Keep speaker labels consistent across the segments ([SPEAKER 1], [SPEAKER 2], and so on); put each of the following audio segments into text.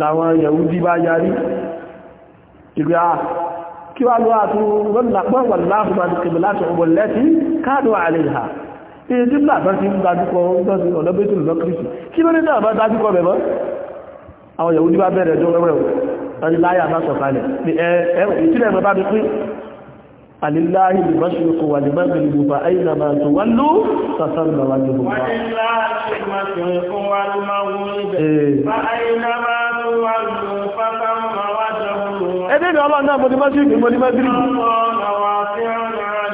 [SPEAKER 1] làwọn yahudi bá yarí ìgbé a ah, kí wá lọ́wọ́ àtún lọ́nàpọ̀ wà láàrùn àdìkẹ̀bẹ̀ láti ọmọ lẹ́tí káàdù àlèhà èyí tí láàbá ti ń dájúkọ ọdọ́sí ọ̀lọ́bẹ̀tì lọ́kìrìsì kí ló ní náà bá dájúkọ bẹ̀bọ́ àwọn yahudi bá bẹ̀rẹ̀ ẹjọ́ wẹ́wẹ́ ولله المشرق والمغرب فأينما تولوا فثم وجه الله ولله المشرق والمغرب فأينما ẹ̀dẹ́rẹ̀ ọlọ́nà mọ́dímọ́sílì mọ́dímọ́sílì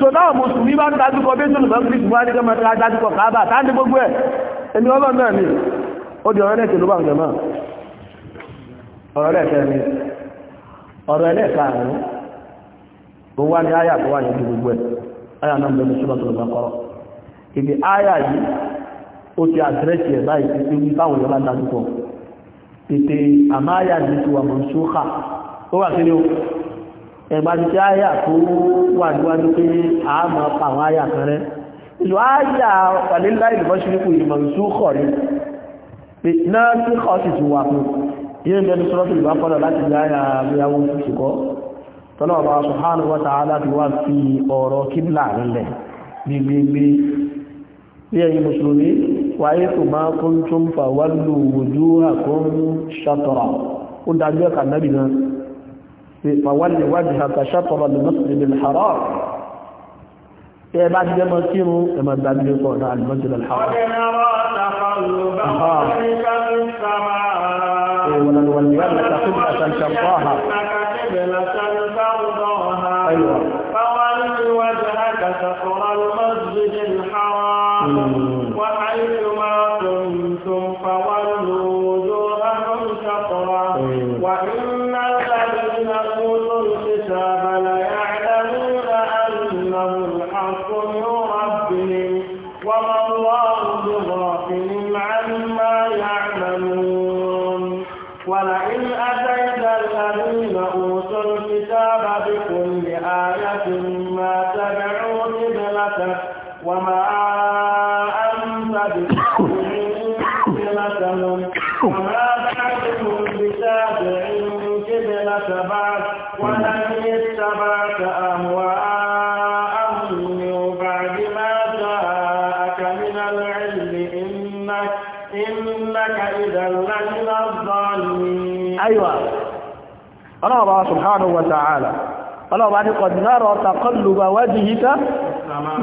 [SPEAKER 1] so náà mùsùlùmí bá ń dájúkọ bẹ́sùn mọ́sílì wá ní kẹ́mọ́ tí a dájúkọ káàbà táàdì gbogbo ẹ̀ ẹni ọlọ́nà ni ó di ọ̀rẹ́ ẹ̀kẹ́ ló bá ń jẹmọ́ ọ̀rẹ́ ẹ̀kẹ́ ni ọ̀rẹ́ ẹ̀kẹ́ àrùn tó wá ní áyà tó wà ní gbogbo ẹ̀ áyà náà bẹ̀rẹ̀ sí lọ́tọ̀ lọ́kọ́ ibi áyà yìí ó ti àdírẹ́sì ẹ̀ báyìí ti fi wí báwọn yọ bá dájúkọ tètè àmáyà ní tiwa mọ̀ ó wà kílé o ẹ̀gbà ti tí áyà tó wà níwájú pé a mọ̀ pa àwọn áyà kan rẹ̀ ìlú áyà pàlélá ìlúbọ́sílẹ̀kù ìmọ̀ ìsúkọ̀ ni pé náà tí kọ́ sì ti wà fún yíò ń subhanahu wa ta'ala fi wá fi ọ̀rọ̀ kíbla nílẹ̀ gbígbígbí bí ẹ̀yin mùsùlùmí wáyé tó máa kún tún fà wálù wujuhakum shatara ó dájú ẹ̀ka náà فول وجهك شطر المسجد الحرام يا إيه بعد ده ما كيرو إيه ما بعد ده قول على المسجد الحرام ونرى تقلب وجهك
[SPEAKER 2] في السماء ولنولينك قبلة ترضاها قبلة ترضاها أيوة فول وجهك شطر المسجد الحرام وحيثما كنتم فولوا ọlọ́ọ̀bá subhanahu wa ta'ala ọlọ́ọ̀bá ní kọ̀dínárọ̀ takọlùbà wájì yíká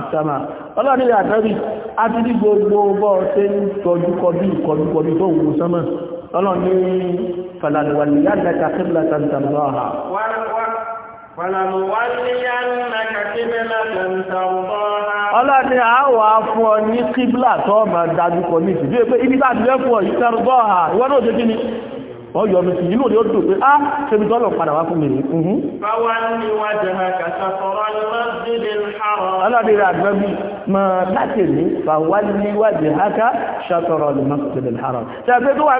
[SPEAKER 2] ìsàmà ọlọ́ọ̀nílẹ̀ àtẹ́rí
[SPEAKER 1] a ti dí gbogbo bọ́ ṣe ń tọjúkọbí ìkọjúkọbí tó wù sánmà ọlọ́ọ̀ní fàlàlùwàlìyànnàkà kíblà tàbí
[SPEAKER 2] Ọlọ́ni àwọ̀ afún ọ ní
[SPEAKER 1] kíblà tó ọmọ dájúkọ ní ìsìnkú pé ibi tàbí lẹ́fún ọ yìí tẹ́rù bọ́ ha, ìwọ́n náà jẹ́ kí ni wọ́n yọ ọdún sí inú ni ó dùn pé á ṣebí tọ́lọ̀ padà wá fún mi rí.
[SPEAKER 2] báwa ní wájú àkàtà sọ̀rọ̀ lọ́sídìí àrọ̀. alábìrì àgbẹ̀bí mọ̀ láti
[SPEAKER 1] ní báwa ní wájú àkà ṣàtọ̀rọ̀ lọ́sídìí àrọ̀. ṣàgbé tó wà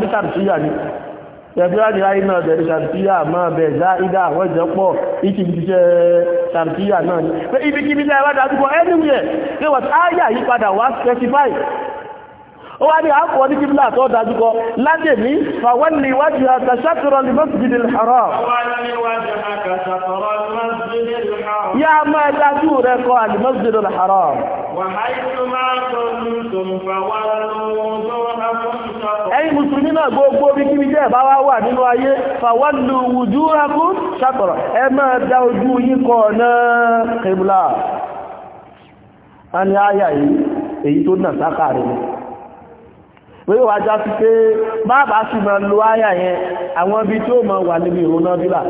[SPEAKER 1] náà ni pé tẹ̀síwájú láyé náà tẹ̀lé ṣàtìyà máa bẹ̀ zá ìdá àwọn ìjọpọ̀ ìkìbìtìṣẹ́ ṣàtìyà náà ni pé ibikíbi tẹ́ wá dájú kọ anywhere pé wọ́n áyà yí padà wá specify ó wá ní àpò ní kíbílà tó dájú kọ láti ní fàwọ́lì wájú àtà ṣàtọrọ lè masjid al-haram yá máa dájú rẹ kọ al-masjid al-haram ẹ̀yin mùsùlùmí náà gbogbo bí kíbi jẹ́ ẹ̀bá wá wà nínú ayé fàwọ́lù wùjú akú ṣàkọ̀rọ̀ ẹ máa dá ojú yín kọ̀ náà kìbùlá a ní àyà yìí èyí tó nà sáká rẹ̀ wíwí wá já sí pé bàbá sì máa lo àyà yẹn àwọn ibi tí máa wà níbi ìrònà bílà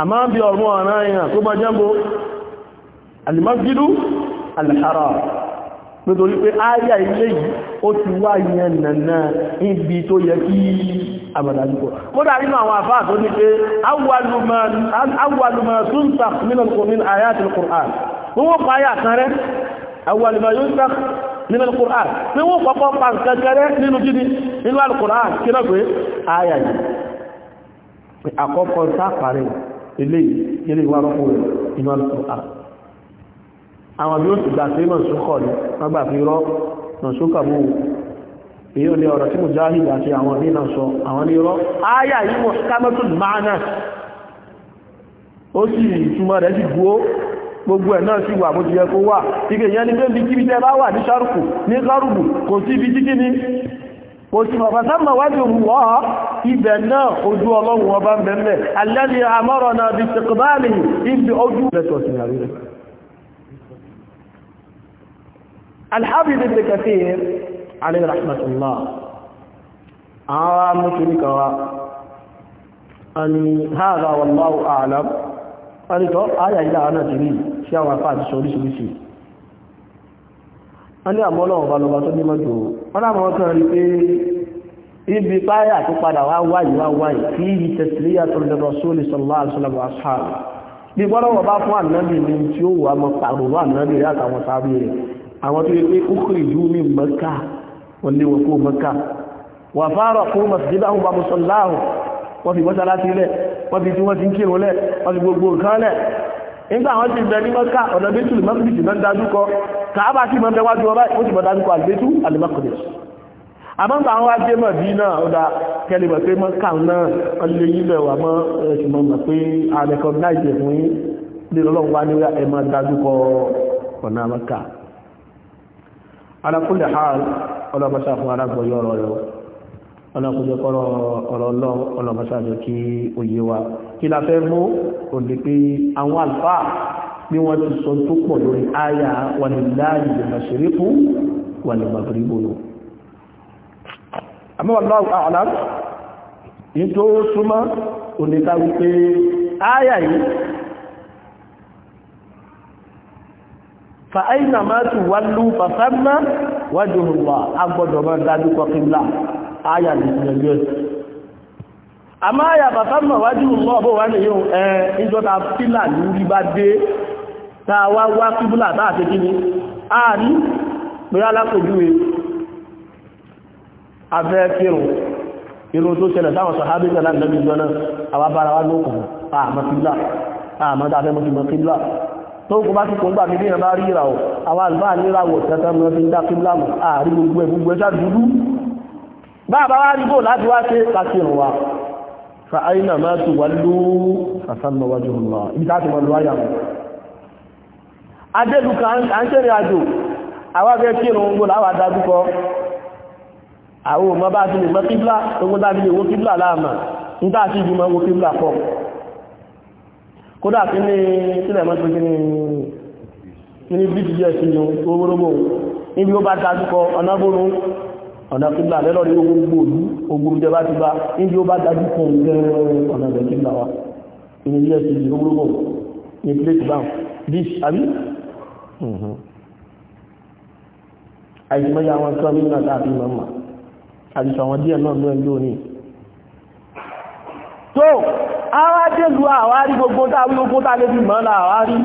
[SPEAKER 1] àmọ́ bí ọ̀run ọ̀ràn èèyàn tó mọ́ jẹ́mbó al-haram nítorí pé ayá ilé yìí ó ti wá yẹn nànà níbi tó yẹ kí àbàdàjúkọ̀. mo dá nínú àwọn àfáà tó ní pé awwaluma sunsaq min ayat al-qur'an wọ́n pa ayá kan rẹ̀ awwaluma sunsaq min al-qur'an pé wọ́n kọ́kọ́ pa kẹkẹrẹ nínú gidi nínú al ilé ìwárọ́pọ̀ inú al àwọn bí ó ti gbà pé mọ̀súkọ̀ ní ọgbà fi rọ́ mọ̀súkọ̀ mú èyí ni ọ̀rọ̀ tí mo já hìdá àti àwọn ní náà sọ àwọn ní rọ́ áyà yìí mọ̀ kámẹ́tùn máànà ó sì ìtumọ̀ rẹ̀ sì gbó gbogbo ẹ̀ náà sì wà bó ti yẹ kó wà ike ìyẹn ni pé bí kíbi tẹ bá wà ní sárùkù ní sárùkù kò sí ibi tí kíní kò sí mọ̀fàtà mọ̀ wájú wọ́ ibẹ̀ náà ojú ọlọ́run ọba ń bẹ̀m̀bẹ̀ alẹ́ ni àmọ́rọ̀ náà bí sẹ̀kọ̀báàlì ibi ojú rẹ̀ tọ̀sìn àríwẹ̀ alhafiz ibn kathir alayhi rahmatullah àwọn mùsùlùmí kan wá ani hada wallahu a'lam ani to aya ila ana ti ri si àwọn fa ti sori sori si ani amo lo ba lo ba to ni majo ona mo kan rí pé ibi paya tó padà wá wá yi wá wá yi fi tasliyatu rasul sallallahu alaihi wasallam wa ashab bi gboro ba fún annabi ni tí ó wá mo paro annabi ya ta wọn sabi rẹ̀ àwọn tó yẹ pé ókùnrin ìlú mi mọ́ká wọ́n lé wọn kó mọ́ká wà fárọ̀ kó masjidahum bá mọ́sọ̀láhùn wọ́n fi mọ́sálásí lẹ̀ wọ́n fi tí wọ́n ti ń kírun lẹ̀ wọ́n fi gbogbo nǹkan lẹ̀ nígbà àwọn ti bẹ ní mọ́ká ọ̀nà bẹ́tùlù mọ́kìdìsì náà dájú kọ kàábà sí mọ́ bẹ́wájú ọba ó sì mọ́ dájú kọ àgbẹ́tù alìmọ́kìdìsì àmọ́gbà àwọn ajé mọ̀ bí náà ó dá kẹlẹ̀mọ̀ pé mọ́ká náà ọlẹ́ yílẹ̀ ala kulli hal ọlọ́mọṣà fún alágbọ̀yọ́ ọ̀rọ̀ rẹ̀ ọlọ́kùnjẹ́ kọ́rọ̀ ọ̀rọ̀ lọ ọlọ́mọṣà jẹ́ kí òye wa kí la fẹ́ mú òní pé àwọn àlfà bí wọ́n ti sọ tó pọ̀ lórí àyà walillahi al-mashriqu wal fa aina ma tuwallu fa thamma wajhullah agbọ́dọ̀ ma dájú ko qibla aya ni yeyo ama aya fa thamma wajhullah bo wa ni yun eh injo ta qibla ni ri ba de ta wa wa qibla ta ṣe kíni a ni pe ala kojuwe abe kirun irun tó ṣẹlẹ̀ táwọn sàhábí tẹ́lá ìlẹ́bí jọ náà àwábára wá lókùn àmà kíblá àmà dáfẹ́ mọ́ sí mọ́ kíblá tó kò bá ti kò ń gbà mí bí ìran bá rí ìràwọ̀ àwọn àlùfáà níràwọ̀ tẹ́tẹ́ mọ́ fi ń dá kíbla mọ̀ ààrí gbogbo ẹ̀ gbogbo ẹ̀ ṣáà dúdú bá bá wá rí bò láti wá ṣe kàṣírùn wa fa aina ma tu wallu fa samma wajhullah kódà kí ní sílẹ̀ mọ́ tó kí ní bíbí díẹ̀ sí yóò gbogbogbò níbi ó bá dájúkọ ọ̀nàbónú ọ̀nà kígbà lẹ́lọ́rí gbogbo òlú ogun jẹ bá ti bá níbi ó bá dájúkọ gẹ́rẹ́ ọ̀nà bẹ̀ kígbà wa ní díẹ̀ sí yóò gbogbogbò ní plate bank dish àbí mhm. àìsímọ́yà àwọn kan nínú àtàkì mọ́mọ́ àìsàn àwọn díẹ̀ náà ara délù àwárí gbogbo táwí gbogbo tàbí fi mọ́ láàárí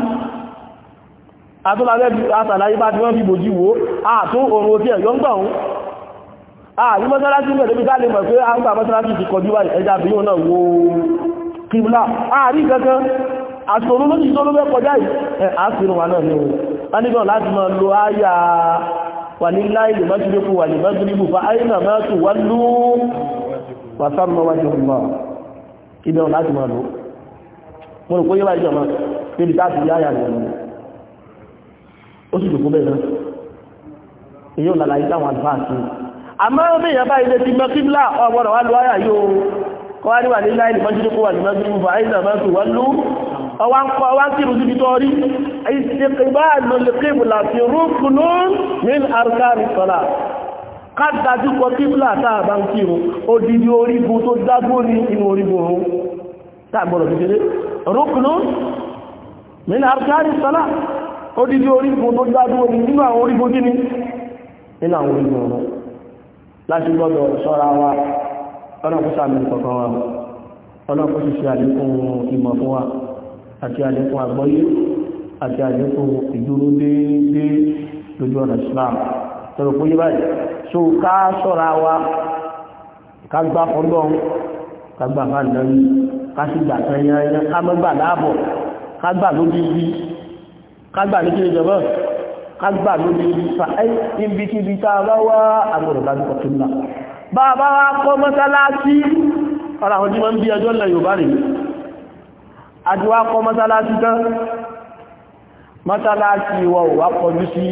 [SPEAKER 1] àtúnlàwẹ́ àtàlàyé bá ti wọ́n fi bòjí wo àtún oòrùn òfin ẹ̀yọ́ ń gbọ̀n ààrí mọ́sálásí ń gbẹ̀dẹ̀ bí dálé mọ̀ pé àgbà mọ́sálásí ti kọjú wà ẹja bí yóò náà wo kíbùlá ààrí kankan àṣòro lójú tó ló fẹ́ kọjá yìí ẹ̀ àṣìrò wà náà ní o a nígbọ̀n láti máa lo áyà wà ní láìlè mọ́sílẹ́kù wà ní mọ́sílẹ́kù fa áyà náà mọ́sù wà lú wà sáàmù wájú ọmọ ibẹ̀ wọn láti máa lò mo rò pé yóò bá ìjọba níbi táàtì yá yà lẹ́nu ó sì dùkú bẹ́ẹ̀ náà èyí ò lálàyé táwọn àlùfáà sí àmọ́ bí èèyàn bá ilé ti mọ́ kíbílà ọgbọ́dọ̀ wá lọ àyà yóò kọ́ wá níwà nílá ìlú mọ́jú kó wà ní mọ́jú fún àìsàn mọ́jú wọ́n lú ọwá ń kọ́ wá kírù síbi tó rí ìsìnkú bá lọ lè kébùlà sí ká dájú kọ kíbùlà táà bá ń o odidi orígun tó dágbó ní inú orígun òun táàgbọ̀rọ̀ kékeré rúkùnú mẹ́lá arkari sọ́lá odidi orígun tó dágbó ní inú àwọn orígun kíní inú àwọn orígun òun láti gbọ́dọ̀ ṣọ́ra wa ọlọ́pùsà mi kọ̀kan wa ọlọ́pùsì ṣe àlékún ìmọ̀ fún wa àti àlékún àgbọ́yé àti àlékún ìdúró déédéé lójú ọ̀nà Islam tọrọ kó yé báyìí so ká ṣọ́ra wa ká gbá fọ́lọ́n ká gbà bá lọ́rí ká sì gbà tán yan yan ká mọ́ gbà láàbọ̀ ká gbà lóbi bí ká gbà ní kíni jọba ká gbà lóbi bí fa ẹ́ níbi kíbi tá a bá wá agbọ̀dọ̀ bá ní kọ̀tún náà bá bá wá kọ́ mọ́sálásí ọ̀rọ̀ àwọn tí wọ́n ń bí ẹjọ́ lẹ Yorùbá rèé àdíwá kọ́ mọ́sálásí tán mọ́sálásí wọ́n wà kọjú sí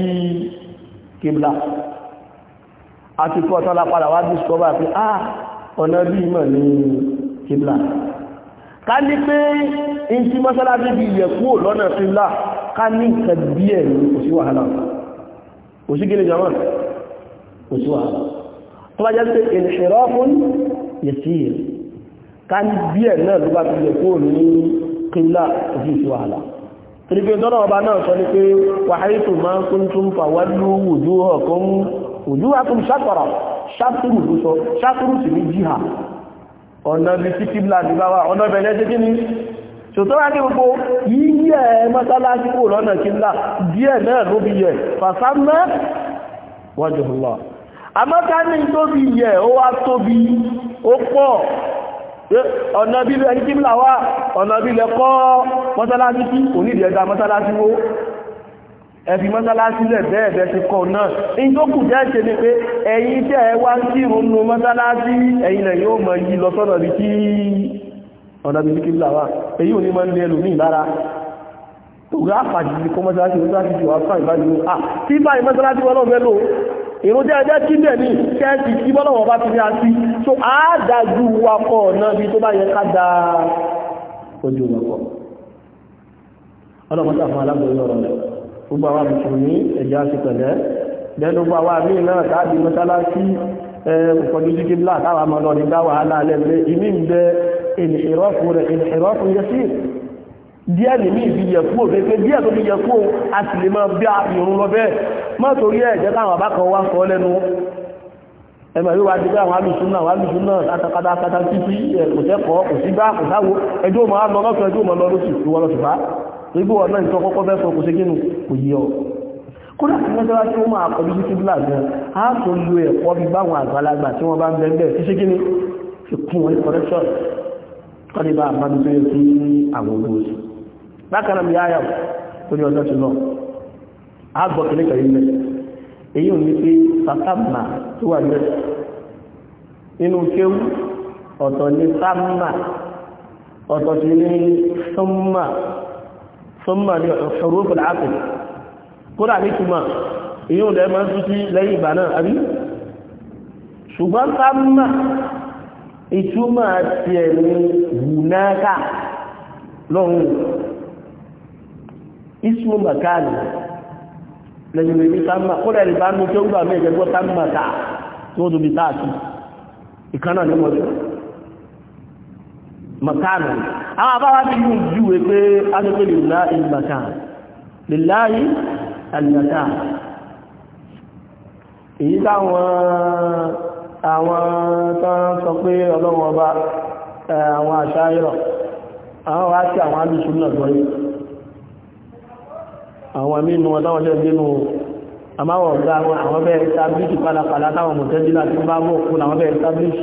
[SPEAKER 1] kíbla àti kọ́ tọ́lá padà wá discover pé ah ọ̀nà bí ìmọ̀ ní kíblà ká ní pé in tí mọ́sálásí bí yẹ kúrò lọ́nà kíblà ká ní nǹkan díẹ̀ ní kò sí wàhálà kò sí gíní jama kò sí wàhálà tó bá jẹ́ pé ìṣẹ̀rọ fún yẹ̀sí ká ní díẹ̀ náà ló bá ti ní kíblà kò náà sọ òjú àtún ṣàtọ̀rọ̀ ṣàtúrù tó sọ ṣàtúrù sí ní jíhà ọ̀nà bí sí kíblà ní bá wà ọ̀nà bẹ̀lẹ́ sí kíní ṣòtọ́ wá ní gbogbo yíyẹ mọ́sálásí kò lọ́nà kíblà díẹ̀ náà ló bí yẹ fàṣámẹ́ wájúhùlá àmọ́ká ẹ̀fì mọ́sálásí lẹ̀ bẹ́ẹ̀ bẹ́ẹ̀ ti kọ̀ náà in tó kù jẹ́ ṣe ni pé ẹ̀yin tẹ́ ẹ wá sí ìrònú mọ́sálásí ẹ̀yin lẹ̀ yóò mọ̀ yí lọ sọ́dọ̀ bí kí ọ̀nà bí kí láwà èyí ò ní máa ń lé ẹlòmíì lára ògá àfàjì ti kọ́ mọ́sálásí mọ́sálásí ti wà fún ìbájú à tí báyìí mọ́sálásí so àádájú wakọ̀ ọ̀nà bí tó bá yẹ ká da ojú wakọ̀ ọlọ́pàá fún alágbèrè ọ̀rọ̀ gbogbo àwọn mùsùlùmí ẹ̀jẹ̀ á sì pẹ̀lẹ́ bẹ́ẹ̀ gbogbo àwọn àmì náà káàdì mọ́sálásí ọ̀pọ̀lú jíjí ńlá táwà mọ́ lọ ní dá wàhálà lẹ́gbẹ́ ìmí ń bẹ ìrìnṣìrọ́fù rẹ̀ ìrìnṣìrọ́fù yẹ sí díẹ̀ nìmí ìfi yẹ kúrò pé díẹ̀ tó fi yẹ kúrò a sì lè máa bí irun lọ bẹ́ẹ̀ má torí ẹ̀ jẹ́ káwọn bàbá kan wá sọ lẹ́nu ẹmọ̀ yóò wá di pé àwọn alùsùn náà wà lùsùn náà látàkàtà kátà títí kò kò sí kò sáwo ẹjọ́ mọ̀ á lọ lọ́sọ̀ ẹjọ́ mọ̀ lọ lóṣù ìwọ bá ibi wọn náà ìtọ́kọ́kọ́ fẹ́ sọ kò ṣe gínú kò yí ọ kódà tí wọ́n tẹ́lá tí ó máa kọjú sí kíbílà gan á tó lo ẹ̀kọ́ bí báwọn àgbàlagbà tí wọ́n bá ń bẹ́ẹ̀ tí ṣe gíní fi kún wọn correction kọ́ ní bá a máa dúpẹ́ sí àwọn ogun oṣù bákan náà yáyà ó ní ọjọ́ ti lọ á gbọ́ kìnnì kan ilẹ̀ èyí ò ní pé sàtàmà tó wà ní inú kéwù ọ̀tọ̀ ní sàmà ọ̀tọ̀ sí ní sọ́mà sọ́mọ̀ ní ṣorúfù láàpìn kódà ní túnmọ̀ èyí ò lẹ́mọ́ tún sí lẹ́yìn ìgbà náà àbí ṣùgbọ́n sáàmà ìtumọ̀ ti ẹ̀mí wùnáka lọ́rùn ismu makani lẹ́yìn ìbí sáàmà kódà ìbánu tó gbà mẹ́jẹgbọ́ sáàmà ká tó makana àwọn àbáwá bí yíò júwe pé aṣọ́pẹ́ lè láì makana lè láì alìmọ̀ta èyí táwọn àwọn tán sọ pé ọlọ́wọ́ ọba àwọn àṣà ìrọ̀ àwọn wá sí àwọn alùsùn náà gbọ́yí àwọn mínú ọ̀táwọn jẹ́ gbénú àmáwọ̀ ọ̀gá àwọn bẹ́ẹ̀ establish pálapàlá táwọn mọ̀tẹ́dínlá àwọn bẹ́ẹ̀ establish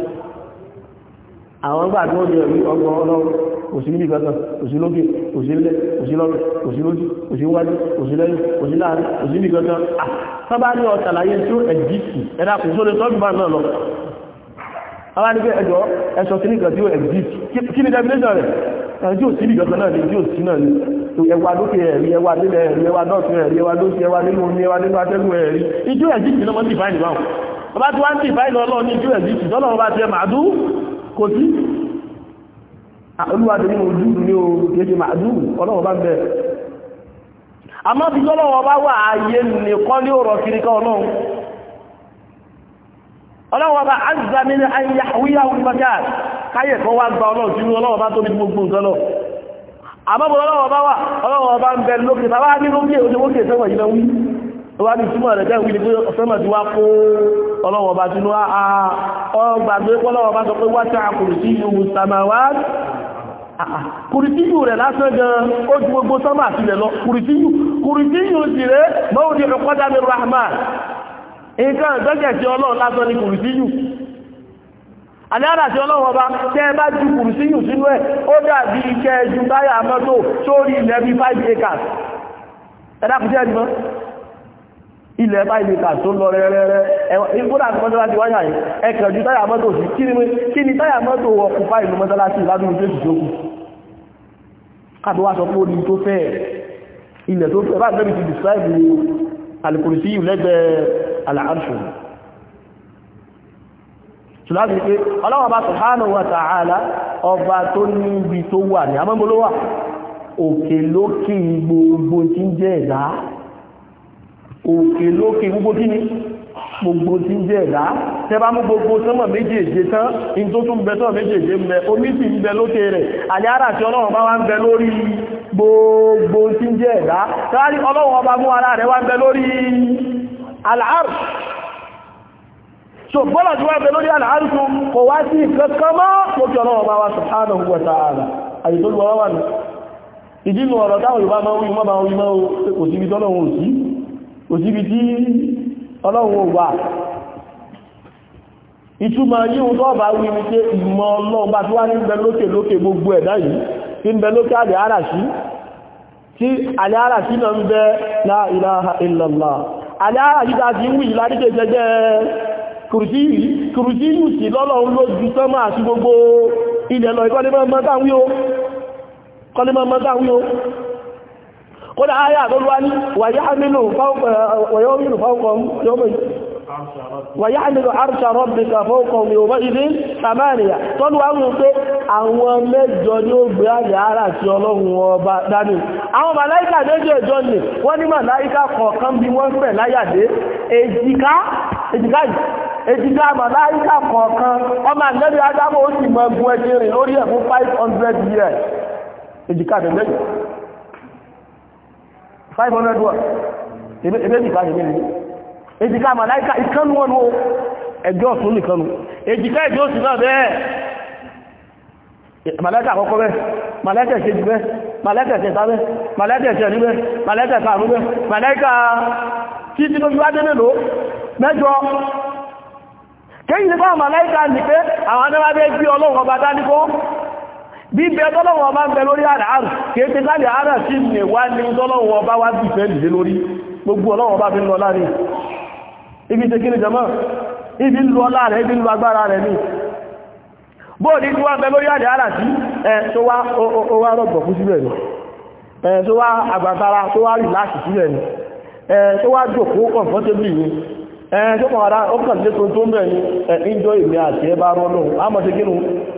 [SPEAKER 1] àwọn ọgbà tí wọ́n jẹ rí ọgbọ̀n ọlọ́run òsì níbi kankan òsì lókè òsì lẹ́ òsì lọ́rẹ̀ òsì lójú òsì wájú òsì lẹ́yìn òsì láàrin òsì níbi kankan sábà ní ọ̀tàlàyé tí ó ẹ̀jìtì ẹ̀dà kò sóde tọ́jú bá náà lọ àwọn ní pé ẹjọ́ ẹ̀ṣọ́ sí nìkan tí ó ẹ̀jìtì kí ni definition rẹ̀ ẹjí ò sí níbi kankan náà ni tí ò sí náà ni ẹwà lókè ẹ̀rí ẹwà nílẹ̀ ẹ̀rí ẹwà dọ́ọ̀tún ẹ̀rí ẹwà lókè ẹwà nínú omi ẹwà nínú atẹ́gùn ẹ̀rí ijó ẹ̀jìtì lọ́mọ ti fáìlì báwọn ọba tí wọ́n ti fáìlì ọlọ́ọ̀ ní ijó ẹ̀jìtì tọ́lọ́ọ̀ bá ti ẹ̀ màdú kò sí olúwàdé ní ojú ní o kéṣe màdúù ọlọ́wọ́ bá ń bẹ̀ àmọ́ ti tọ́lọ́wọ́ bá wà ayé nìkan ní ọ̀rọ̀ kiri ká ọlọ́run ọlọ́wọ́ bá azza min an yahwiyahu al-makan káyè kan wá gba ọlọ́run tí ọlọ́wọ́ bá tóbi gbogbo nǹkan lọ àmọ́bọ̀ ọlọ́wọ́ bá wà ọlọ́wọ́ bá ń bẹ lókè bàbá ní lókè òṣèwókè sẹ́wọ̀ ìlẹ̀ wí wá ní túmọ̀ rẹ̀ jẹ́ ìwé ni pé ọ̀sẹ́mọ̀ ti wá kó ọlọ́wọ́ bá tinú àà ọgbàgbé pọ́lọ́wọ́ bá sọ pé wáṣà kùrìsí ìlú samawa kùrìtíyù rẹ̀ lásán gan ó ju gbogbo sọ́mà sílẹ̀ lọ kùrìtíyù kùrìtíyù sì rẹ̀ mọ́wùdí ọ̀pọ̀dá mi rahman nǹkan ìgbẹ́jẹ̀ sí ọlọ́run lásán ni kùrìtíyù àdára tí ọlọ́run ọba tẹ́ bá ju kùrìtíyù sínú ẹ̀ ó dàbí iṣẹ́ ju táyà mọ́tò sórí ilẹ̀ bí 5 acres ẹ̀dá kùtẹ́ ẹ̀dìmọ́ ilẹ̀ bá ilẹ̀ kà tó lọ rẹ̀rẹ̀rẹ̀ ìfúnàtí mọ́sálásí wáyà yìí ẹkẹ̀jú táyà mọ́tò sí kí ni táyà mọ́tò ọkùnfà ìlú mọ́sálásí ìlàdùn tó sì jókù káàdù wá sọ pé orí tó fẹ́ ilẹ̀ tó fẹ́ bá lẹ́bí ti describe alìkùrìsí lẹ́gbẹ̀ẹ́ alàárṣù ṣùláàbí pé ọlọ́wọ́ bá subhanahu wa ta'ala ọba tó ní ibi tó wà ní amọ́gbọ́lówà òkè lókè gbogbo tí ń jẹ́ ẹ̀dá òkè lókè gbogbo kí ni gbogbo tí ń jẹ́ ẹ̀dá tẹba mú gbogbo sánmọ̀ méjèèje tán in tó tún bẹ sánmọ̀ méjèèje ń bẹ omi sì ń bẹ lókè rẹ̀ àyára tí ọlọ́run bá wá ń bẹ lórí gbogbo tí ń jẹ́ ẹ̀dá tẹ́wàá ọlọ́run ọba mú ara rẹ̀ wá ń bẹ lórí al-arsh so bọ́lá tí wọ́n bẹ lórí àlàáríkù kò wá sí kankan mọ́ lókè ọlọ́wọ́ bá wá subhanahu wa ta'ala àyètò lọ́wọ́ wà ọ̀rọ̀ táwọn Yorùbá máa wí mọ́ máa wí mọ́ kò sí ìdọ́lọ́wọ́ òsì kò síbi tí ọlọ́run wà ìtumọ̀ yíò tó bá wí ní pé ìmọ̀ ọlọ́run bá tí wá ní bẹ lókè lókè gbogbo ẹ̀dá yìí tí ń bẹ lókè àlẹ́ àràṣí tí àlẹ́ àràṣí náà ń bẹ la ilaha illallah àlẹ́ àràṣí ta ti wù ìlà dídé jẹjẹ kùrùsíyì kùrùsíyì sí lọ́lọ́run ló ju sánmà àti gbogbo ilẹ̀ lọ ìkọ́lẹ́mọ́ mọ́ta wí kódà ayá àdọ́lúwá ní wàyáhàmìlò arṣà rọ́bìkà fọ́kọ̀ yóò ìdí samaniya tọ́lúwá ń pé àwọn mẹ́jọ ni ó gbé àyà ara àti ọlọ́run ọba dání àwọn màláíkà kọ̀ọ̀kan ọmọ àgbẹ́bí adámọ́ ó sì mọ̀ ẹgbùn lórí 500 years five hundred wa ebe nìkan ṣe mẹ́rin èjìká màláìka ìkánu wọn o ẹgbẹ́ ọ̀tún nìkanu èjìká ìjọ òsì náà bẹ́ẹ̀ e, màláìka àkọ́kọ́ bẹ́ẹ̀ màláìka ìṣẹ́jì bẹ́ẹ̀ màláìka ìṣẹ́ta bẹ́ẹ̀ màláìka ìṣẹ́rí bẹ́ẹ̀ màláìka ìkàrú bẹ́ẹ̀ màláìka títí tó fi wá dé mélòó mẹ́jọ kéyìn nípa màláìka nìpé àwọn adẹ́wà bẹ́ẹ̀ bí ọlọ́run ọba dáníkọ́ bíbẹ tọ́lọ́wọ́ ọba ń bẹ lórí àràárù kéèké láti àárà sí ìwé wá ní tọ́lọ́wọ́ ọba wá bí ìfẹ́ lè lórí gbogbo ọlọ́wọ́ ọba fi ń lọ láàrin ibi ṣe kí ni ibi ń lọ láàrin ibi ń lọ agbára rẹ̀ ní tí wá ń bẹ lórí ẹ tó wá rọ̀gbọ̀ fún síbẹ̀ ni ẹ tó wá àgbàtara tó wá ẹ tó wá jòkó ni ẹ tó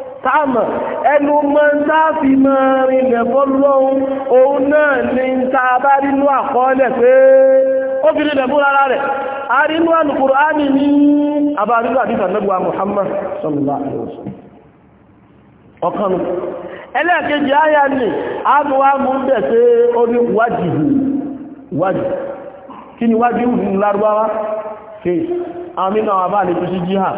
[SPEAKER 1] táàmà ẹnu mọ́ sáàfì mọ́ rinlẹ̀ fọ́lọ́hún òun náà ni ta bá rínú àkọọ́lẹ̀ pé ó fi rinlẹ̀ fún ara rẹ̀ a rínú Al-Qur'ani ní Muhammad sallallahu alaihi wasallam ọkànù ẹlẹ́ẹ̀kejì ayá ni a mú wá mú bẹ̀ pé ó ní wájìbù wájìbù kí ni wájìbù ní lárúbáwá face àmì náà àbá àlejò sí jihad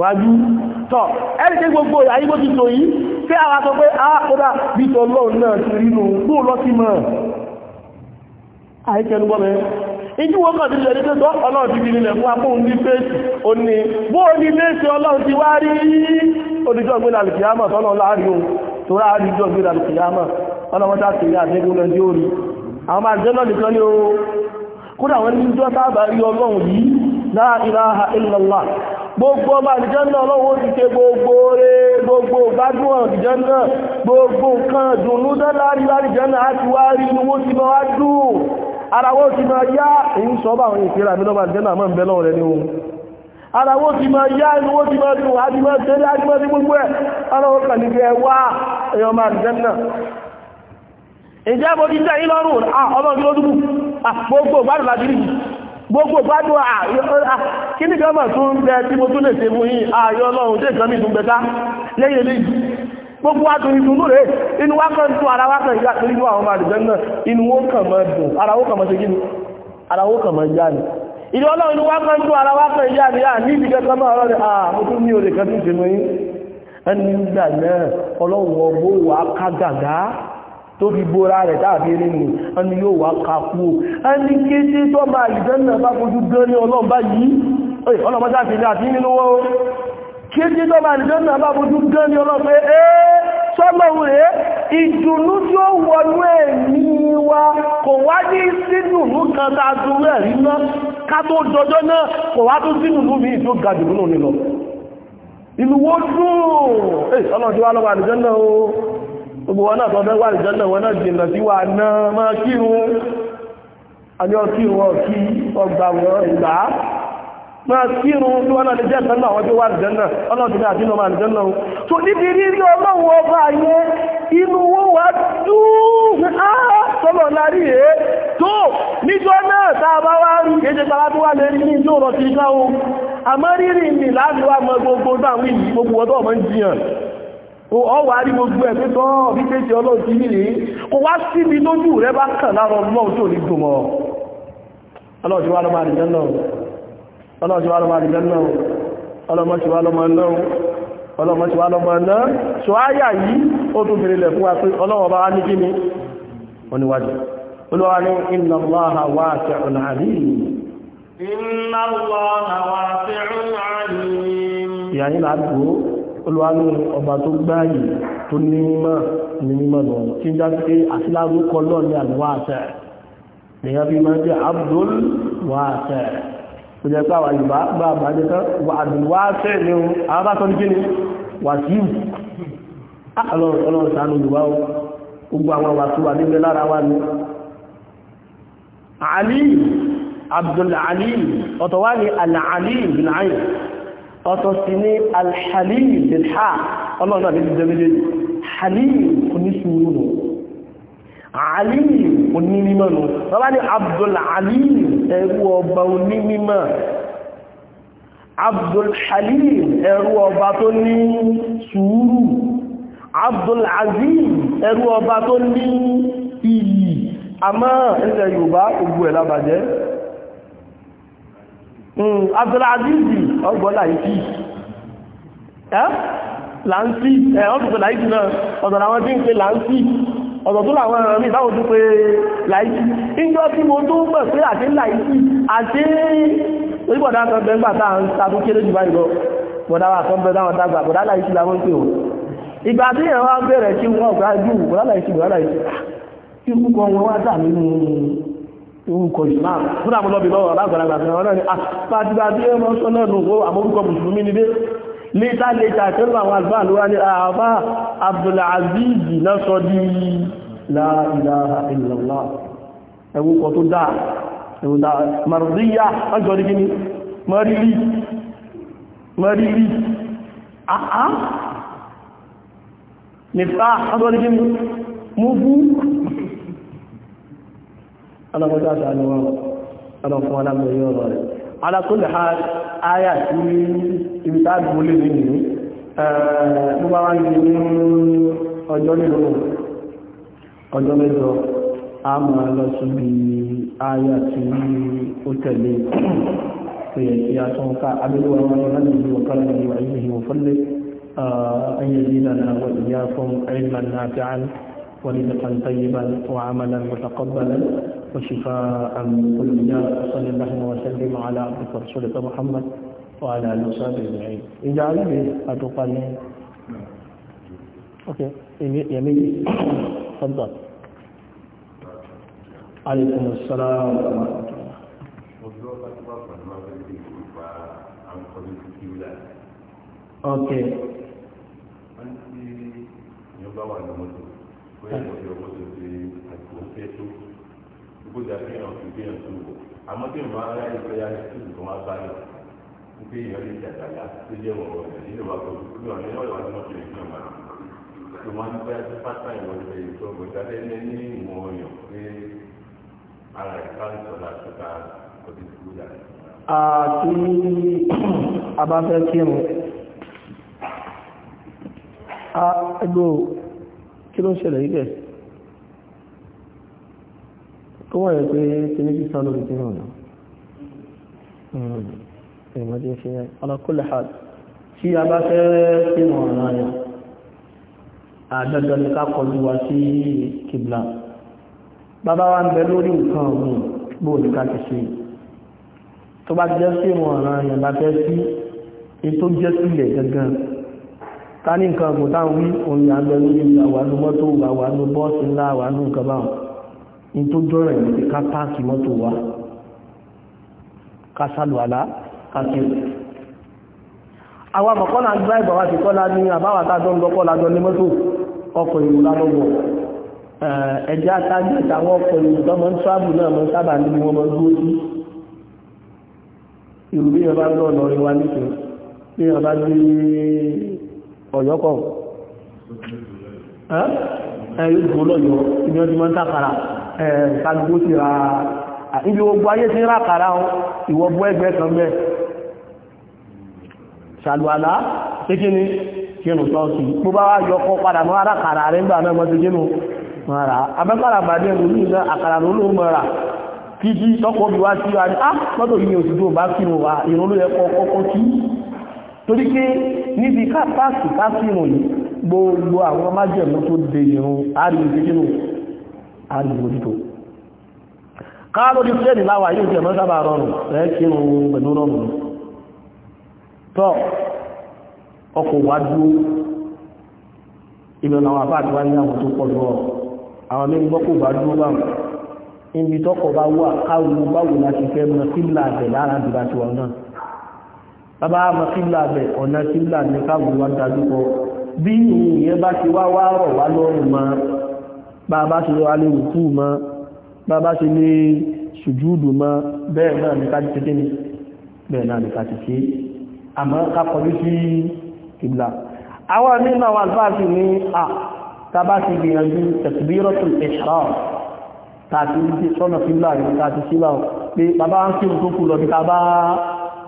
[SPEAKER 1] wájú tọ́ ẹni tí gbogbo àyíkó ti tò yìí tí a wá sọ pé a ah, kódà bí tọ́ lọ́run náà ti rí nù bó lọ sí mọ̀ àìkẹnu gbọ́mẹ́ ijú wọ́n kàn ti lẹ̀ ní tẹ́tọ́ ọlọ́run ti fi nílẹ̀ fún apóhun ní fèsì ó ní bó ní fèsì ọlọ́run ti wá rí odìjọ́ gbé lálẹ́ kìyàmọ̀ tọ́lọ́ láàrin ohun tó ráàrin jọ́ gbé lálẹ́ kìyàmọ̀ ọlọ́mọdá kìí àdégbó lọ sí orí àwọn máa jẹ́ lọ́nà kan ní oó kódà wọ́n ní jọ́ sábà rí ọlọ́run yìí la ilaha illallah gbogbo ọmọ àdìjọ́ náà lọ́wọ́ ti ṣe gbogbo rẹ̀ gbogbo gbádùn àdìjọ́ náà gbogbo nǹkan dùnú dáláàrí láàrìjọ́ náà wá rí inú ti máa dùn ara wó ti máa yá èyí sọ bá àwọn ìfẹ́ra mi lọ́ba àdìjọ́ máa ń bẹ lọ́wọ́ ara wó ti máa yá inú wó ti máa ara wó kàn níbi ẹwà èèyàn máa àdìjọ́ náà ìjẹ́ mo ti tẹ́ yín lọ́rùn ọlọ́run ló dúdú gbádùn láti rí gbogbo gbádùn kí ní gọ́mà tó ń bẹ tí mo tún lè ṣe mú yí ààyọ ọlọ́run tí ìkan mìtún bẹta lẹ́yìn lè gbogbo adùn ìdùnnú rẹ̀ inú wá kàn tún ara wá kàn ìyá pẹ̀lú inú àwọn àdìjẹ́ náà inú ó kàn mọ́ dùn ara ó kàn mọ́ ṣe gínú ara ó kàn mọ́ yá ni ìdí ọlọ́run inú wá kàn tún ara wá kàn ìyá ni ní ìdí kẹta mọ́ ọlọ́run àmọ́ tún ní olè kan tún ṣe mọ́ yí ẹni nígbà náà ọlọ́run ọgbó wà ká gàgá tó fi bóra rẹ̀ tàbí nínú ẹni yóò wá kàkú ẹni kété tó bá ìjẹ́nà bá fojú gan ní ọlọ́mbá yìí ọlọ́mọ́sá fi ní àti nínú wọ́n kété tó bá ìjẹ́nà bá fojú gan ní ọlọ́pẹ́ ẹ́ sọ́lọ́wọ́ rẹ̀ ìdùnnú tí ó wọnú ẹ̀mí wa kò wá ní sínúnú kan tá a tún rẹ̀ gbogbo wọn náà tọ́bẹ́ wà ìjọ́nà wọn náà jìnà sí wà náà máa kírun àní ọkírun ọkí ọgbà wọn ìgbà máa kírun tí wọ́n náà lè jẹ́ ìtọ́nà àwọn tí wà ìjọ́nà ọlọ́dún àti ìnà máa ìjọ́nà o tó níbi rírí ọlọ́run ọba yẹ inú wọn wà dùn á sọ́lọ̀ lárí ẹ̀ tó níjọ́ náà tá a bá wá rí kéje tara tó wà lérí ní ìjọ́ ọ̀rọ̀ ọwà rí gbogbo ẹ̀ pẹ́tọ́ bí pẹ́tẹ́ ọlọ́run ti nílé kò wá síbi lójú rẹ bá kàn lára ọlọ́run tó ní gbòmọ̀ ọlọ́run ti wá lọ́mọ àdìjẹ́ náà ọlọ́run ti wá lọ́mọ àdìjẹ́ náà ọlọ́mọ ti wá lọ́mọ náà ọlọ́mọ ti wá lọ́mọ náà ṣò áyà yìí ó tún fèrè lẹ̀ fún wa pé ọlọ́run bá wá ní kí ni wọ́n níwájú olúwa ní inna Allaha wasi'un 'alim
[SPEAKER 2] inna Allaha wasi'un 'alim ìyá yìí
[SPEAKER 1] là ń dúró olùwánú ọba tó gbáyì tó ní mímọ̀ ní mímọ̀ lọ tí ń dájú pé àtìlágúkọ náà ní àlùwáàtẹ̀ lèyàn fi máa jẹ́ abdul wáàtẹ̀ tó jẹ́ pé àwọn ìbá bá àbájẹ́ tán àdùnwáàtẹ̀ ni ó àwọn bá sọ ní kíni wàsíù ah, ọlọ́run sànú yorùbá ó gbogbo àwọn wàsíù wà níbẹ̀ lára wa ni Ali Abdul Ali ọ̀tọ̀ wá ní Al-Ali bin Ayn ọ̀tọ̀ sí ní alhalim bilha ọlọ́run náà méjì jẹ́mẹ́jẹ́ halim oníṣúrù alim onímímọ̀ nù bàbá ní abdul alim ẹrú ọba onímímọ̀ abdul halim ẹrú ọba tó ní sùúrù abdul aziz ẹrú Hmm, abdulaziz ọgbọ́lá ìfì láńsí ẹ̀ ọ́dùnkọ̀ láìsí náà ọ̀dọ̀ làwọn tí ń pe láńsí ọ̀dọ̀ tó làwọn ẹ̀rọ mìí láwọn tó pe láìsí ìjọ tí mo tó mọ̀ pé àti láìsí àti orígbọ̀dá kan bẹ tàbí kéré jù báyìí lọ orúkọ islam fún àwọn ọlọ́bìn lọ́wọ́ alágbàlagbà fún ọ̀rọ̀ ah, ní àpàtìgbàtí ah, ẹmọ sọ́nà nùgbò àmórúkọ mùsùlùmí níbé létà létà tẹ́lú àwọn àgbà ló ní àbá abdulaziz náà di la ilaha illallah ẹwú kọ tó dáa ẹwú dáa marudiyya ọjọ́ ní kíní mọ́rílì mọ́rílì àá nìfà ọjọ́ ní kíní mú fún alákọ̀ọ́sá àṣàánú wọn ọlọ́fún alámọ̀yé ọ̀rọ̀ rẹ̀ alákọ̀ọ́lẹ̀ ha áyà tí ibi tá gbólé ní ìlú ló bá wá ní ọjọ́ nílò ọjọ́ mẹ́jọ a máa lọ síbi áyà tí ó tẹ̀lé فيأتي أتوقع عبد ومنه وكرمه وعلمه وفضله أن يزيدنا وإياكم متقبلا وشفاء من كل داء صلى الله وسلم على عبدك ورسولك محمد وعلى اله وصحبه اجمعين اذا علمي اتقال اوكي يمين تفضل عليكم السلام ورحمه الله يبغى bó dà bí èèyàn fi bí èèyàn tó wò àmọ́ tí èèyàn máa ráyè pé yára tí nǹkan wá bá yàn ń pé èèyàn lè dàgbà yá tó jẹ́ wọ̀ wọ̀ yàn nílò wá pẹ̀lú kí wọ́n ní ọ̀rọ̀ àti mọ́tò ìpín ọ̀mà tó wọ́n ní bá yàtọ̀ pátá ìwọ̀n ìgbà yìí tó ọgbọ̀n
[SPEAKER 3] ìgbà lẹ́lẹ́ ní ìwọ̀n ọ̀yàn pé ara ìka ń sọ láti ká àti
[SPEAKER 1] abáfẹ́ kírun a ẹgbẹ́ kí ló ń ṣẹlẹ̀ yìí bẹ́ẹ̀ kó wà yẹ pé kíní kí sálọ lè dínà ọ̀nà hmm, ìmọ̀dé ṣe ọlọ́kùnlẹ̀ ha tí a bá fẹ́ sí ọ̀nà rẹ̀ àjọjọ ní ká kọjú wa sí kìblà bàbá wa ń bẹ lórí nǹkan ọ̀gbìn bó ní ká ti ṣe tó bá jẹ́ sí ọ̀nà rẹ̀ bá fẹ́ sí ètò jẹ́ sílẹ̀ gangan ká ní nǹkan ọ̀gbìn táwọn wí òun yà ń bẹ lórí àwọn àlùmọ́tò àwọn àlùbọ́ọ̀sì ńlá àwọn àlùkàbáwọn ní tó jọ́rọ̀ ìlú ti ká páàkì mọ́tò wa ká sálù àlá ká kí àwọn àmọ̀kọ́lá gbá ìbà wá sí kọ́lá ní àbáwàtájọ́ ń lọ́kọ́lá jọ ní mọ́tò ọkọ̀ ìlú lálọ́wọ́ ẹ̀jẹ̀ àtàjẹ́ ìtàwọn ọkọ̀ ìlú tọ́mọ ń sábù náà mọ́ sábà ní wọn mọ́ dúró sí ẹ̀yọ́ ìgbòlọ́yọ̀ ibi ọdún mọ́ ìkàlùkù eh, ti ra ibi gbogbo ayé ti rà kàrá ọ ìwọ̀bọ̀ ẹgbẹ́ kan bẹ́ ṣàlùwàlá tíkíní kínú tọ́ọ̀sì tó bá wá yọkọ padà mọ́ arákàrà rẹ̀ ńgbà náà mọ́tí kínú mọ́ra abẹ́kàrà bàdé ìlú náà àkàrà ló mọ́ra kíjí tọ́kọ̀ bí wá sí wa ní ah mọ́tò yìí ò sì dúró bá kínú wa ìrún ló yẹ kọ́kọ́ kí torí pé níbi ká pàṣì ká kínú yìí gbogbo àwọn májẹ̀mú tó de ìrún á rí ìdíkínú àríwójútó káàlò ní fẹ́ẹ̀dì láwà yóò jẹ mọ́ sábà rọrùn rẹ̀ kí o pẹ̀lú rọrùn tọ́ ọkọ̀ wájú ibẹ̀ làwọn àbá àti wá ní àwọn tó pọ̀ lọ́wọ́ àwọn mí gbọ́kọ̀ wájú bá ibi tọ́kọ̀ bá wà káwọn báwo láti fẹ́ mọ́ sílà àbẹ̀ lára àdúrà bí ìyẹn bá ti wá wá rọ̀ wá lọ́rùn máa bàbá ṣe lọ alẹ́ rùkú mọ́ bàbá ṣe lè ṣùjúdù mọ́ bẹ́ẹ̀ náà ní káàkiri tẹ́tẹ́ ní bẹ́ẹ̀ náà ní káàkiri ṣe àmọ́ kápọ̀lú sí ìgbà àwọn nínú àwọn alfáàsì ní à tàbá ti gbìyànjú takbiratul ihram tàbí sọ́nà fílà ní tàbí sílà pé bàbá ń kí tó kù lọ bí tàbá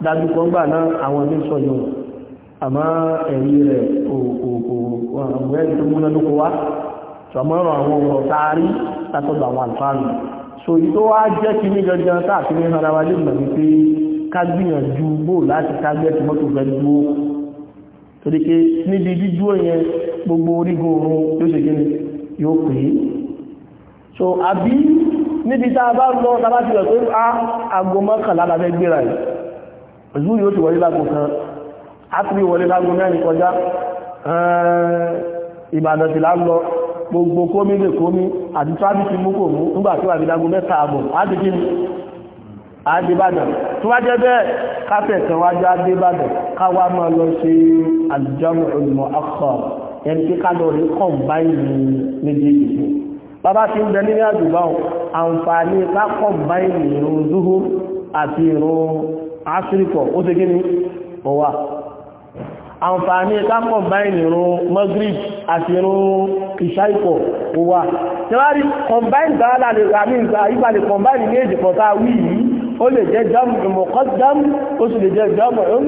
[SPEAKER 1] dájú kan gbà náà àwọn ilé sọ yóò àmọ́ ẹ̀rí rẹ̀ òòrùn ẹ̀rí tó múná lóko wá sọmọ́rọ̀ àwọn ọmọ tààrí látọ̀dọ̀ àwọn àlùfáàmì so yí tó wá jẹ́ kí ní gangan káàkiri ara wa lè mọ̀ wípé ká gbìyànjú bò láti ká gbẹ́ tí mọ́tò fẹ́ dúró torí pé níbi dídúró yẹn gbogbo orígun oorun yóò ṣe kí ni yóò pè é a bá lọ tá a bá a ah, aago mọ́kànlá la fẹ́ gbéra yìí zoo yóò ti wọlé lágbo kan á ti wọlé lágbo mẹ́rin kọjá Ìbàdàn ti lá lọ gbogbo kómi lè kómi àti tráfíkì mú kò mú nígbà tí wà ní dago mẹ́ta àbọ̀ láti kí ni àdébàdàn tó wá jẹ́ bẹ́ẹ̀ káfẹ̀ kan wá jẹ́ àdébàdàn káwá máa lọ ṣe àlùjámù olùmọ̀ akọ ẹni pé kálọ̀ rí kàn báyìí méjèèjì fún bàbá tí ń bẹ nínú àdúgbò àǹfààní ká kàn báyìí ìrun zuhu àti ìrun áfíríkọ ó ṣe kí ni ó àǹfààní ká báyìí ìrun magrib àti ìrun ìṣáìpọ̀ ó wà tẹ́wárí combine bàálà lè àmì ìgbà lè combine ní èdè pọ̀tà wí yìí ó lè jẹ́ jamu muqaddam ó sì lè jẹ́ jamu um,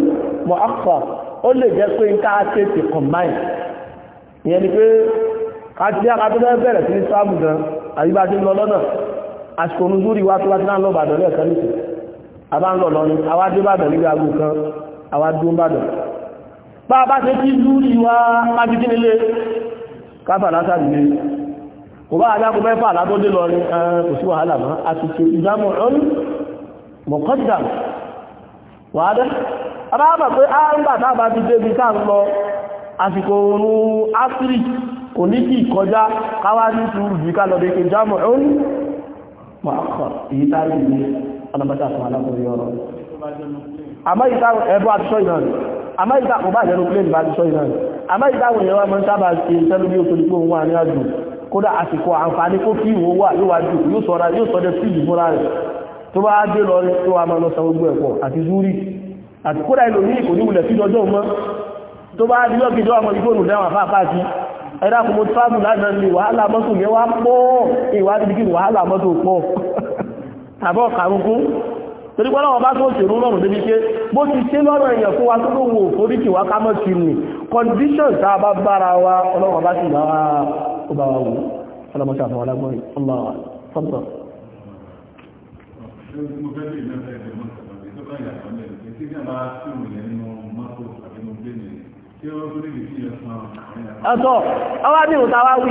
[SPEAKER 1] muakhkhar ó lè jẹ́ pé ń ká tètè combine ìyẹn ni pé àti akadọ́dọ́ bẹ̀rẹ̀ sí ní sáàmù gan àyíbá tí ń lọ lọ́nà àsìkò orun zúrí wá tó wá tí náà lọ bàdàn ní ẹ̀kan nìkan àbá ń lọ lọ́rin àwa dé bàdàn nígbà agbó kan àwa dúró bàdàn bá a bá ṣe kí zúrí wá májídínlé káfà látàrí ní kò bá adákò mẹ́fà látọ́dé lọ ní kò sí wàhálà máa a ti ṣe ìdámọ̀ ọ̀rún mọ̀kọ́dà wàádẹ́ adáàbà pé a ń gbà tábà ti débi ká ń lọ àsìkò oòrùn áfírí kò ní kí kọjá káwá ní sùúrù bí ká lọ bí ìdámọ̀ ọ̀rún mọ̀kọ́ amẹ́ríkà kò bá ìjẹnu plane bá ti sọ ìrìn amẹ́ríkà wòye wọ́n mọ́ sábà ṣe ìṣẹ́lú bí ó tó dípò wọn ní àjò kódà àsìkò àǹfààní kó kí ìwò wà yóò wá jù yóò sọ́ra yóò sọ́dẹ̀ fíìlì fúnra rẹ̀ tó bá dé lọ rẹ̀ tó wà máa lọ san gbogbo ẹ̀kọ́ àti zúrí àti kódà ìlòmí kò ní wulẹ̀ sí dọjọ́ mọ́ tó bá dé lọ́gbẹ̀jọ́ àwọn ìgbónù dáwọn àfáàfá sí ẹ̀dá kò mo travel lánàá ní wàhálà mọ́tò yẹn wá pọ̀ ìwádìí kí wàhálà mọ́tò pọ̀ tàbọ̀ kàrùnkún torí pé ọlọ́wọ́ bá tó ṣe rú lọ́rùn débi pé bó ti ṣe lọ́rọ̀ èèyàn fún wa tó ló wo òforíkì wa ká mọ́ ti rìn condition tá a bá bára wa ọlọ́wọ́ bá sì bára ó bá wa wò ọlọ́mọṣẹ́ àfọwọ́ ẹ̀tọ́ ọwá bí òta wá wí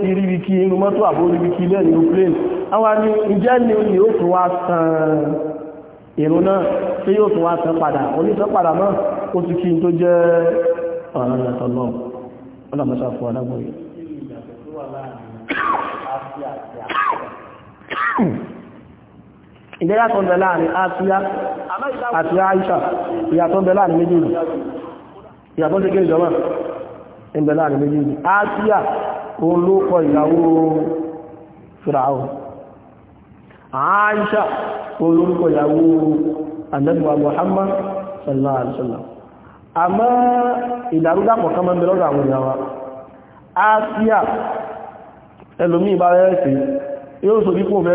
[SPEAKER 1] ti ríbi kí inú mọ́tò àbó ríbi kí lẹ́ni ukraine àwọn ni ìjẹ́ ni ó ní ó tún wá tàn ìrún náà tí yóò tún wá tàn padà onítàn padà náà ó ti kí n tó jẹ́ ọ̀rọ̀ ẹ̀tọ́ náà ọlọ́mọsá ìyàtọ̀ ṣe kéjọ náà ẹgbẹ̀ láàrin méjèèjì átíyà òun ló kọ ìyàwó fìràwọ̀ àáṣà òun ló kọ ìyàwó àdẹ́gbà Muhammad sallallahu alaihi wasallam àmọ́ ìdàrúdàpọ̀ kan mẹ́bẹ̀ lọ́dọ̀ àwọn ìyàwó átíyà ẹlòmí ìbárẹ́ẹ̀sì yóò sọ bí kò fẹ́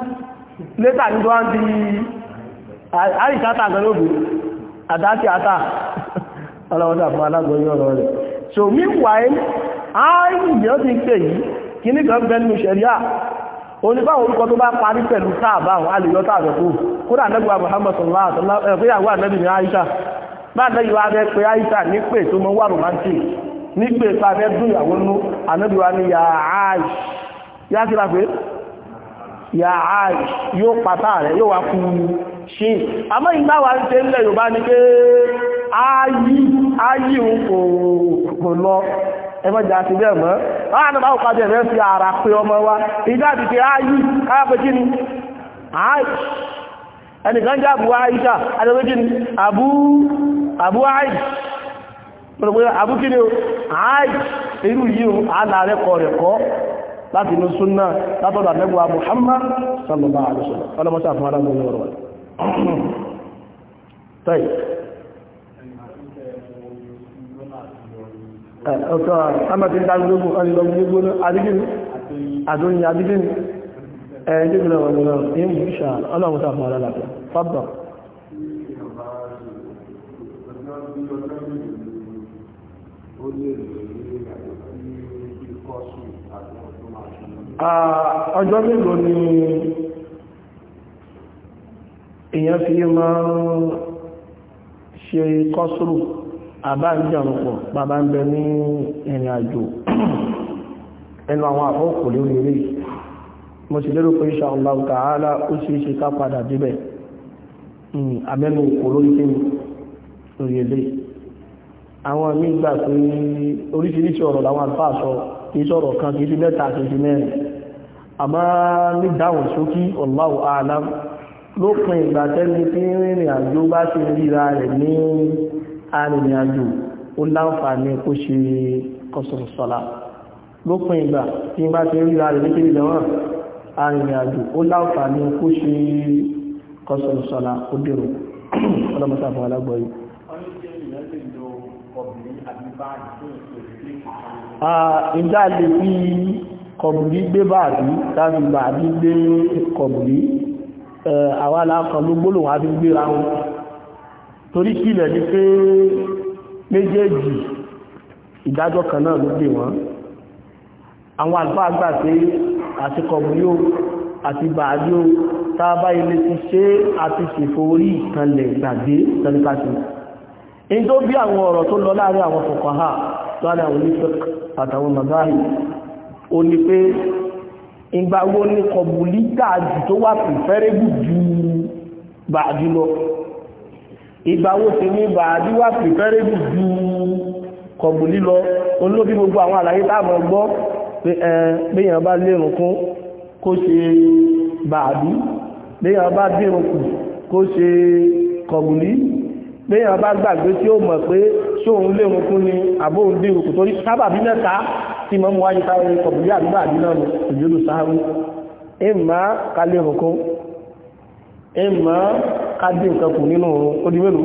[SPEAKER 1] later ní tó wá ń ti àríkátà gan lóbi àdáti àtà ọlọ́wọ́dà fún alágbóyí ọ̀rọ̀ rẹ̀ so meanwhile ààrùn yóò ti pè yìí kí ní kan bẹ́ẹ̀ nínú ṣẹ̀ríà oníbáwọn orúkọ tó bá parí pẹ̀lú ya ya ààrì yóò pàtà rẹ̀ yóò wá kú ṣe àmọ́ ìgbà wà ń tẹ́ ilẹ̀ Yorùbá ní pé ayí kò lọ ẹmọ́jà ti bẹ́ẹ̀ mọ́ láàrín bá òkàjẹ̀ rẹ̀ fi ara pé ọmọ wa ìdáàdì pé ayí ayi kí ni ẹnìkan jẹ́ àbúwá aisha adẹ́gbẹ́ kí ni àbúwá ayi pẹ̀lú àbúkí ni aisha irú yìí àlàrẹ́kọ̀ọ́rẹ̀kọ́ láti inú súnà látọ̀dọ̀ àdẹ́gbà Muhammad sallallahu alaihi wasallam ọlọ́mọ́sá fún aláàmù ní ọ̀rọ̀ tẹ́yì ọ̀tọ̀ sámẹ́tí dágbógún ọlọ́gbógún adígbìn àdúnyà adígbìn ẹ̀ẹ́dẹ́gbìn ọlọ́mọ́sá fún aláàmù fọ́bọ̀ ó lè rí Ah, ọjọ́ mélòó ni èyàn fi máa ń ṣe kọ́sùrù àbá ń jẹun pọ̀ bàbá ń bẹ ní ìrìn àjò ẹnu àwọn àkókò lórí eré mo sì lérò pé insha Allah ta'ala ó sì ṣe ká padà débẹ̀ hmm, àmẹ́nu kò lórí kí lórí eré àwọn míì gbà pé oríṣiríṣi ọ̀rọ̀ làwọn àlùfáà sọ kìí sọ̀rọ̀ kan kìí sí mẹ́ta kìí sí mẹ́rin àmá ní dáhùn sókí Allahu a'lam lópin ìgbà tẹ́ni tí rìnrìn àjò bá ṣe ríra rẹ̀ ní arìnrìn àjò ó láǹfààní kó ṣe kọsùn sọ́lá lópin ìgbà tí bá ṣe ríra rẹ̀ ní kí arìnrìn àjò ó láǹfààní kó ṣe kọsùn sọ́lá ó dèrò ọlọ́mọsáfún alágbọ̀ọ́yì.
[SPEAKER 3] ọdún tí ènìyàn lè lo ọ̀bìnrin àbí báàgì tó ń ṣe ìdá lè fi
[SPEAKER 1] kọ̀bùrí gbé báàbí láti báàbí gbé kọ̀bùrí àwálá kan ló gbólò wá bí gbéra wọn torí kílẹ̀ ní pé méjèèjì ìdájọ́ kan náà ló gbé wọn àwọn àlùfáà gbà pé àti kọ̀bùrí o àti bàájú tàbá ilé ti ṣe àti ṣèforí ìkanlẹ̀ ìgbàgbé tẹ́lifásí lára onífẹ́k àtàwọn mazahib ó ní pé ìgbà wo ní kọbùlítà jù tó wà pìfẹ́rẹ́bù ju bàájú lọ ìgbà wo sì ní bàájú wà pìfẹ́rẹ́bù ju kọbùlí lọ olóbi gbogbo àwọn àlàyé táàmọ̀ gbọ́ péyàn bá lérùn béèyàn bá gbàgbé tí ó mọ̀ pé sóun léhun kún ni àbóhun dé òkú torí sábà bí mẹ́ta tí mọ́ mú wáyé sáré kọ̀bùlé àdúgbà àdúgbà nù ìjọlù sáré ìmá kaléhun kún ìmá kádé nǹkan kù nínú òun ó di mélòó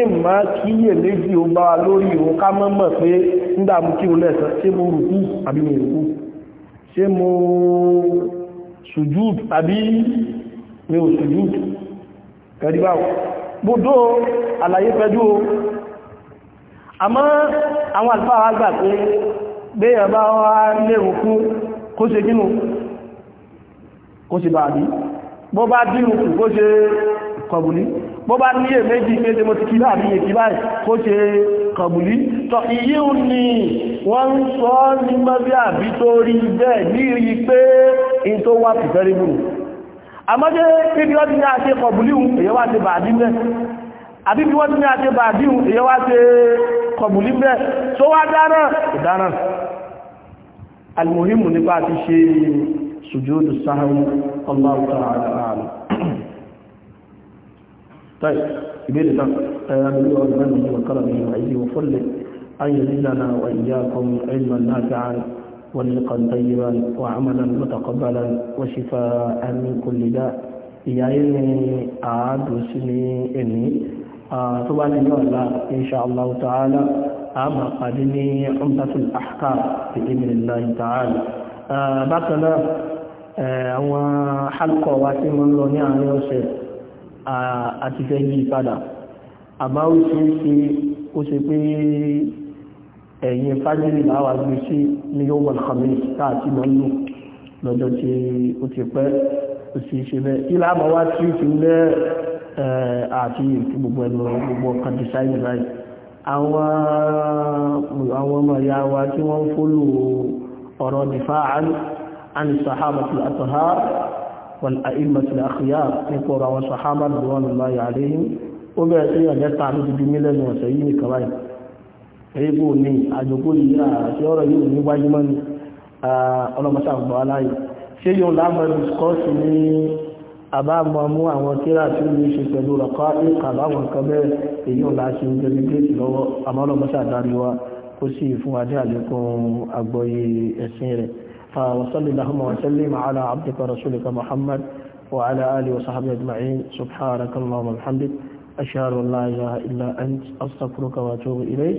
[SPEAKER 1] ìmá kíyè méjì ó bá wa lórí ìrún ká mọ́ mọ̀ pé nígbà mú kí o lẹ́sàn ṣé mo rùkú àbí mo rùkú ṣé mo sùjúd àbí mi ò sùjúd kẹ́díbáwò bùdó àlàyé fẹ́jú o àmọ́ àwọn àlfáà gbà pé béèyàn bá wá lérò fún kó ṣe gínú kó ṣe bàbí bó bá dínú kù kó ṣe kọ̀bùlí bó bá níyè méjì pé mo ti kí láàrin èkí báyìí kó ṣe kọ̀bùlí tọ iye ò ní wọ́n ń sọ ní mọ́bí àbí tó rí bẹ́ẹ̀ ní àmọ́jẹ́ pípí wọ́n ti ní àti kọ̀bùlíhùn èyẹ́ wá ti bàádí mẹ́ àbí bí wọ́n ti ní àti bàádíhùn èyẹ́ wá ti kọ̀bùlí mẹ́ tó wá dáná ìdáná alìmòhìmù nípa ti ṣe sùjúdù ورزقا طيبا وعملا متقبلا وشفاء من كل داء ìyá yìí ni àádùn sí ní ẹni tó bá nínú ọ̀la insha Allah ta'ala a máa pàdé ní umdatul ahkam ti iminillahi ta'ala bákan náà àwọn halkọ̀ wa tí wọ́n lọ ní àárín ọ̀sẹ̀ àti fẹ́ yí padà àbá ó ṣe é ṣe ó ṣe pé ẹ̀yìn fájìlì láwà gbé sí ní yóò wọ̀n kàmí káàkiri máa ń lò lọ́jọ́ tí ó ti pẹ́ ó sì ṣe bẹ́ẹ̀ ilá àmọ́ wá tí ó ti ń bẹ́ àti gbogbo ẹnu gbogbo ọkàn ti sáyẹn báyìí àwọn ọmọ ìyá wa tí wọ́n ń fólò ọ̀rọ̀ nìfà عن الصحابة الأطهار والأئمة الأخيار نقول عن الصحابة رضوان الله عليهم وبعثي أن يتعرض بملل وسيين كبير ẹ̀yẹ́bù ní àjòkó yìí àti ọ̀rọ̀ yìí ní wáyé mọ́ ní ọlọ́mọta àgbà aláyé ṣé yóò lámọ̀ ìsìkọ́sì ní àbámọ́ mú àwọn tíra tí ó ní ṣe pẹ̀lú rọ̀kọ́ ìkàbáwọn nǹkan bẹ́ẹ̀ èyí ò láti ń jẹ́ gẹ́gẹ́ lọ́wọ́ àmọ́ ọlọ́mọta àdárí wa kó sì fún wa dé àlékún àgbọ́yé ẹ̀sìn rẹ̀ فوصل اللهم وسلم على عبدك ورسولك محمد وعلى آله وصحبه أجمعين سبحانك اللهم وبحمدك أشهد أن لا إله إلا أنت أستغفرك وأتوب إليك